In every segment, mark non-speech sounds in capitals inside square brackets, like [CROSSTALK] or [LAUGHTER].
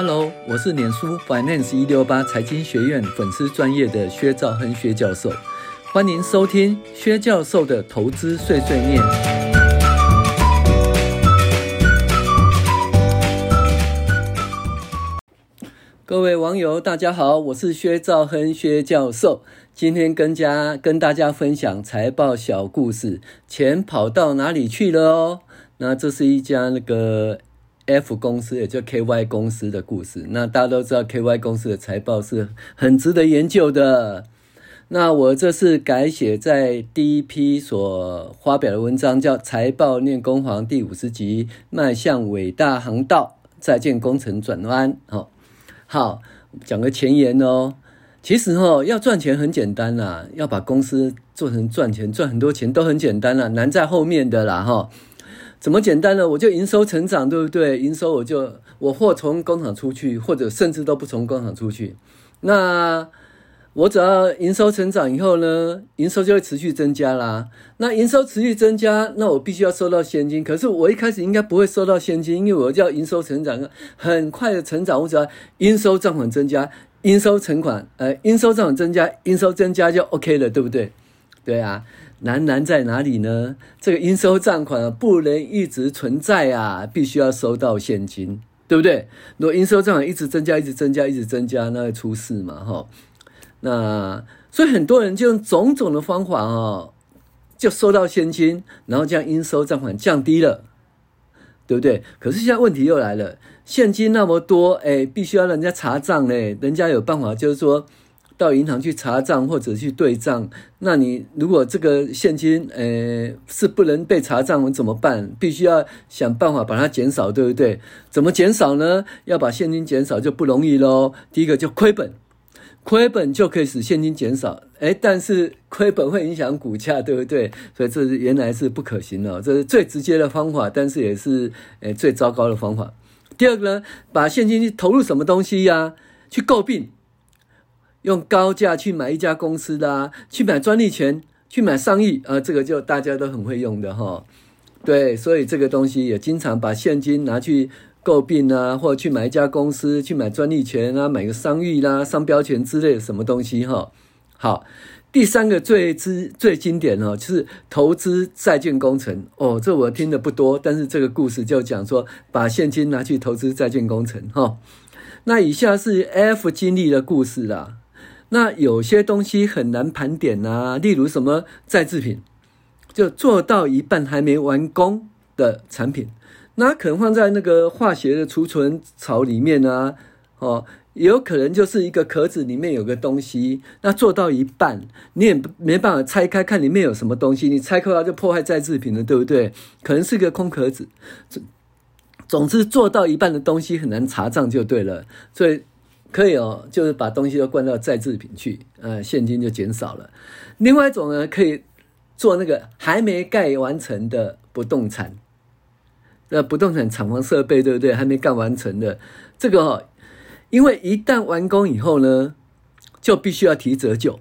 Hello，我是臉書 Finance 一六八財經學院粉絲專業的薛兆亨薛教授，歡迎收聽薛教授的投資碎碎念。各位網友，大家好，我是薛兆亨薛教授，今天跟家跟大家分享財報小故事，錢跑到哪裡去了哦？那這是一家那個。F 公司，也就 KY 公司的故事。那大家都知道，KY 公司的財報是很值得研究的。那我這次改寫在第一批所發表的文章，叫《財報練功房》第五十集，邁向偉大航道，在建工程轉彎。好，哦，好，講個前言哦。其實哦，要賺錢很簡單啦，啊，要把公司做成賺錢，賺很多錢都很簡單啦，啊，難在後面的啦，哦，哈。怎麼簡單呢？我就營收成長，對不對？營收我就我貨從工廠出去，或者甚至都不從工廠出去。那我只要營收成長以後呢，營收就會持續增加啦。那營收持續增加，那我必須要收到現金。可是我一開始應該不會收到現金，因為我叫營收成長，很快的成長，我只要應收賬款增加、應收存款呃、應收賬款增加、應收增加就 OK 了，對不對？對啊，難難在哪裡呢？這個應收賬款不能一直存在啊，必須要收到現金，對不對？如果應收賬款一直增加，一直增加，一直增加，那會出事嘛？哈，那所以很多人就用種種的方法啊，就收到現金，然後將應收賬款降低了，對不對？可是現在問題又來了，現金那麼多，哎、欸，必須要人家查賬嘞、欸，人家有辦法，就是說。到銀行去查賬或者去對賬，那你如果這個現金，呃、欸，是不能被查賬，我們怎麼辦？必須要想辦法把它減少，對不對？怎麼減少呢？要把現金減少就不容易嘍。第一個就虧本，虧本就可以使現金減少，誒、欸，但是虧本會影響股價，對不對？所以這是原來是不可行的、喔，這是最直接的方法，但是也是，誒、欸、最糟糕的方法。第二個呢，把現金去投入什麼東西呀、啊？去購併。用高價去買一家公司的，啊，去買專利權，去買商譽啊，這個就大家都很會用的哈，對，所以這個東西也經常把現金拿去購併，啊，或去買一家公司，去買專利權啊，買個商譽啦，啊，商標權之類的什麼東西哈。好，第三個最之最經典呢，就是投資在建工程哦，這我聽的不多，但是這個故事就講說把現金拿去投資在建工程哈。那以下是 F 經歷的故事啦。那有些東西很難盤點吶，啊，例如什麼再制品，就做到一半還沒完工的產品，那可能放在那個化學的儲存槽裡面啊，哦，也有可能就是一個殼子裡面有個東西，那做到一半你也沒辦法拆開看裡面有什麼東西，你拆開它就破壞再制品了，對不對？可能是個空殼子，總之做到一半的東西很難查賬就對了，所以。可以哦，就是把東西都灌到在製品去，嗯、呃，現金就減少了。另外一種呢，可以做那個還沒蓋完成的不動產，呃，不動產廠房設備，對不對？還沒蓋完成的這個、哦，因為一旦完工以後呢，就必須要提折舊，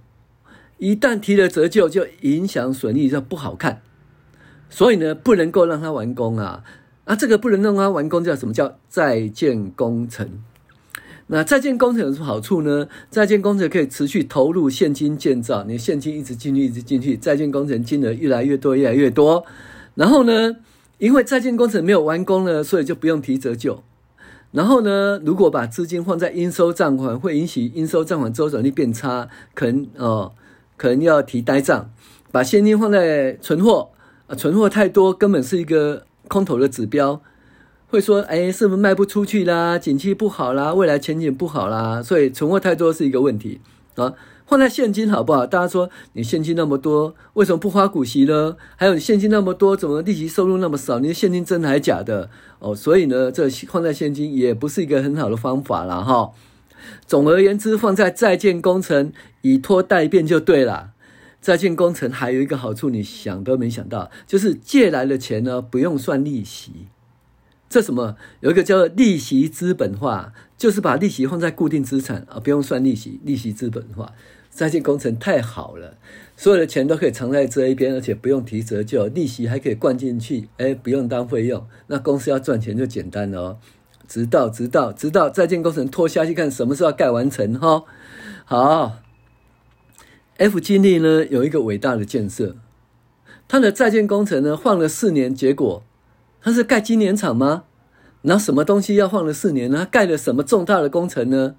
一旦提了折舊，就影響損益，就不好看。所以呢，不能夠讓它完工啊啊，這個不能讓它完工，叫什麼？叫在建工程。那在建工程有什麼好處呢？在建工程可以持續投入現金建造，你現金一直進去，一直進去，在建工程金額越來越多，越來越多。然後呢，因為在建工程沒有完工呢，所以就不用提折舊。然後呢，如果把資金放在應收賬款，會引起應收賬款週轉率變差，可能哦，可能要提呆賬。把現金放在存貨，啊，存貨太多，根本是一個空頭的指標。會說，誒，是不是賣不出去啦？景氣不好啦，未來前景不好啦，所以存貨太多是一個問題啊。放在現金好不好？大家說，你現金那麼多，為什麼不花股息呢？還有，你現金那麼多，怎麼利息收入那麼少？你的現金真的還是假的？哦，所以呢，這放在現金也不是一個很好的方法啦哈，哦。總而言之，放在在建工程以拖待變就對啦。在建工程還有一個好處，你想都沒想到，就是借來的錢呢，不用算利息。這什麼有一個叫做利息資本化，就是把利息放在固定資產啊，哦，不用算利息，利息資本化。在建工程太好了，所有的錢都可以藏在這一邊，而且不用提折舊，利息還可以灌進去，哎，不用當費用。那公司要賺錢就簡單了，哦，直到直到直到在建工程拖下去，看什麼時候要蓋完成哈，哦。好，哦，F 經歷呢有一個偉大的建設，他的在建工程呢放了四年，結果。他是蓋今年廠嗎？然後，什麼東西要放了四年呢？他蓋了什麼重大的工程呢？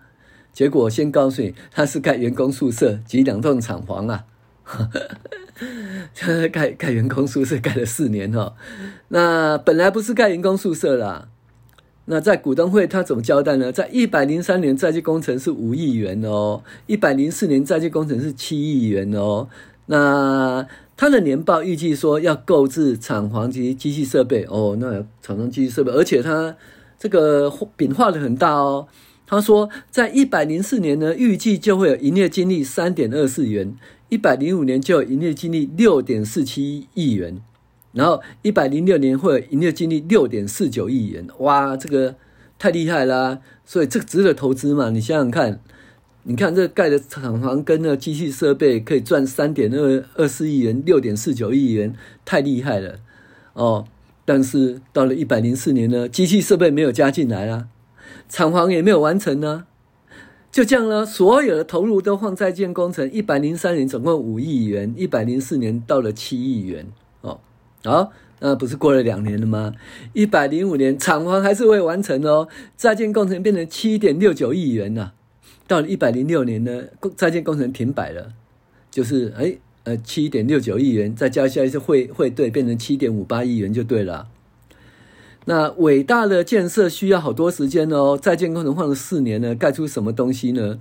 結果我先告訴你，他是蓋員工宿舍及兩棟廠房啊。蓋 [LAUGHS] 蓋員工宿舍蓋了四年哦。那本來不是蓋員工宿舍啦。那在股東會他怎麼交代呢？在一百零三年在建工程是五億元哦，一百零四年在建工程是七億元哦。那他的年報預計說要購置廠房及機器設備哦，那廠房機器設備，而且他這個餅畫得很大哦。他說，在一百零四年呢，預計就會有營業淨利三點二四元；一百零五年就有營業淨利六點四七億元，然後一百零六年會有營業淨利六點四九億元。哇，這個太厲害啦、啊！所以這個值得投資嘛？你想想看。你看這蓋的廠房跟那機器設備可以賺三點二二四億元，六點四九億元太厲害了哦！但是到了一百零四年呢，機器設備沒有加進來啊，廠房也沒有完成呢、啊，就這樣呢，所有的投入都放在建工程。一百零三年總共五億元，一百零四年到了七億元哦。好，那不是過了兩年了嗎？一百零五年廠房還是未完成哦，在建工程變成七點六九億元了、啊。到了一百零六年呢，在建工程停擺了，就是誒，呃，七點六九億元，再加一下一次匯匯兌，變成七點五八億元就對了啊。那偉大的建設需要好多時間哦，在建工程花了四年呢，蓋出什麼東西呢？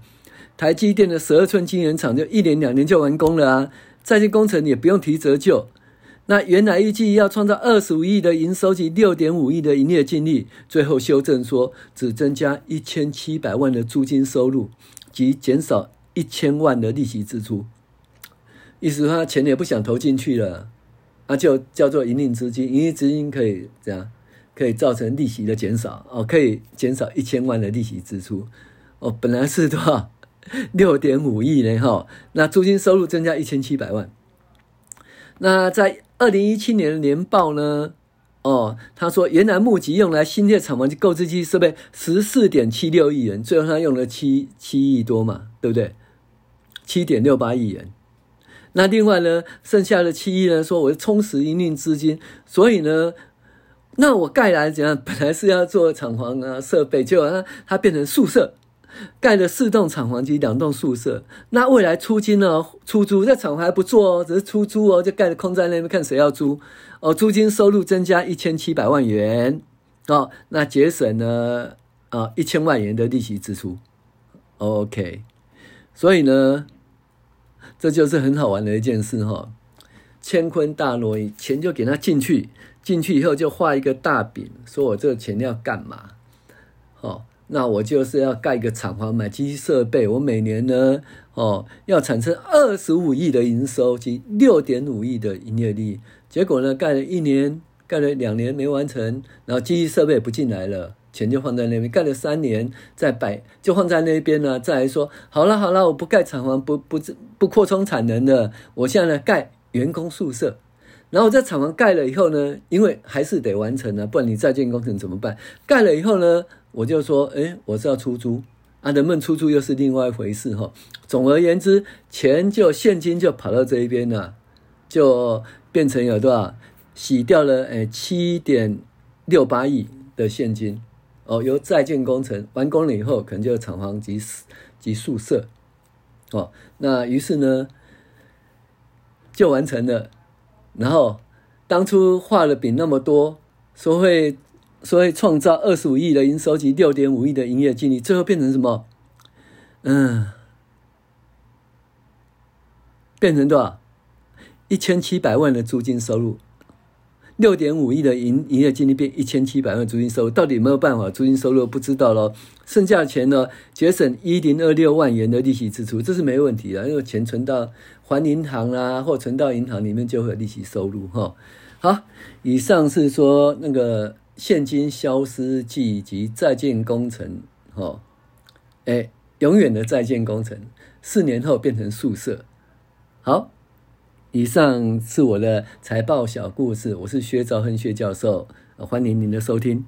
台積電的十二寸晶圓廠就一年兩年就完工了啊，在建工程也不用提折舊。那原來預計要創造二十五億的營收及六點五億的營業淨利，最後修正說只增加一千七百萬的租金收入，及減少一千萬的利息支出。意思他錢也不想投進去了，那、啊、就叫做營運資金。營運資金可以這樣，可以造成利息的減少哦，可以減少一千萬的利息支出哦。本來是多少六點五億呢？吼，那租金收入增加一千七百萬，那在。二零一七年的年報呢？哦，他說原來募集用來新建廠房的購置機設備十四點七六億元，最後他用了七七億多嘛，對不對？七點六八億元。那另外呢，剩下的七億呢，說我是充實營運資金，所以呢，那我蓋來怎樣？本來是要做廠房啊設備，結果它它變成宿舍。蓋了四棟廠房及兩棟宿舍。那未來租金呢、哦？出租？這廠房還不錯哦，只是出租哦，就蓋着空在那邊看誰要租哦。租金收入增加一千七百萬元哦，那節省了啊一千萬元的利息支出。OK，所以呢，這就是很好玩的一件事哈、哦。乾坤大挪移，錢就給他進去，進去以後就畫一個大餅，說我這個錢要幹嘛？哦。那我就是要蓋一個廠房，買機器設備。我每年呢，哦，要產生二十五億的營收及六點五億的營業利。結果呢，蓋了一年，蓋了兩年沒完成，然後機器設備也不進來了，錢就放在那邊。蓋了三年，再擺就放在那邊了、啊。再來說，好了好了，我不蓋廠房，不不不擴充產能了。我現在呢，蓋員工宿舍。然後我在廠房蓋了以後呢，因為還是得完成呢、啊，不然你在建工程怎麼辦？蓋了以後呢？我就說，哎，我是要出租啊，人們出租又是另外一回事哈、哦。總而言之，錢就現金就跑到這一邊了、啊，就變成有多少洗掉了？哎，七點六八億的現金哦。由在建工程完工了以後，可能就廠房及及宿舍哦。那於是呢，就完成了。然後當初畫了餅那麼多，說會。所以創造二十五億的營收及六點五億的營業淨利，最後變成什麼？嗯，變成多少？一千七百萬的租金收入，六點五億的營營業淨利變一千七百萬租金收入，到底有沒有辦法？租金收入不知道咯，剩下的錢呢？節省一零二六萬元的利息支出，這是沒問題的，因為錢存到還銀行啦、啊，或存到銀行裡面就會有利息收入哈。好，以上是說那個。現金消失記及在建工程，哦欸、永遠的在建工程，四年後變成宿舍。好，以上是我的財報小故事，我是薛兆亨薛教授，歡迎您的收聽。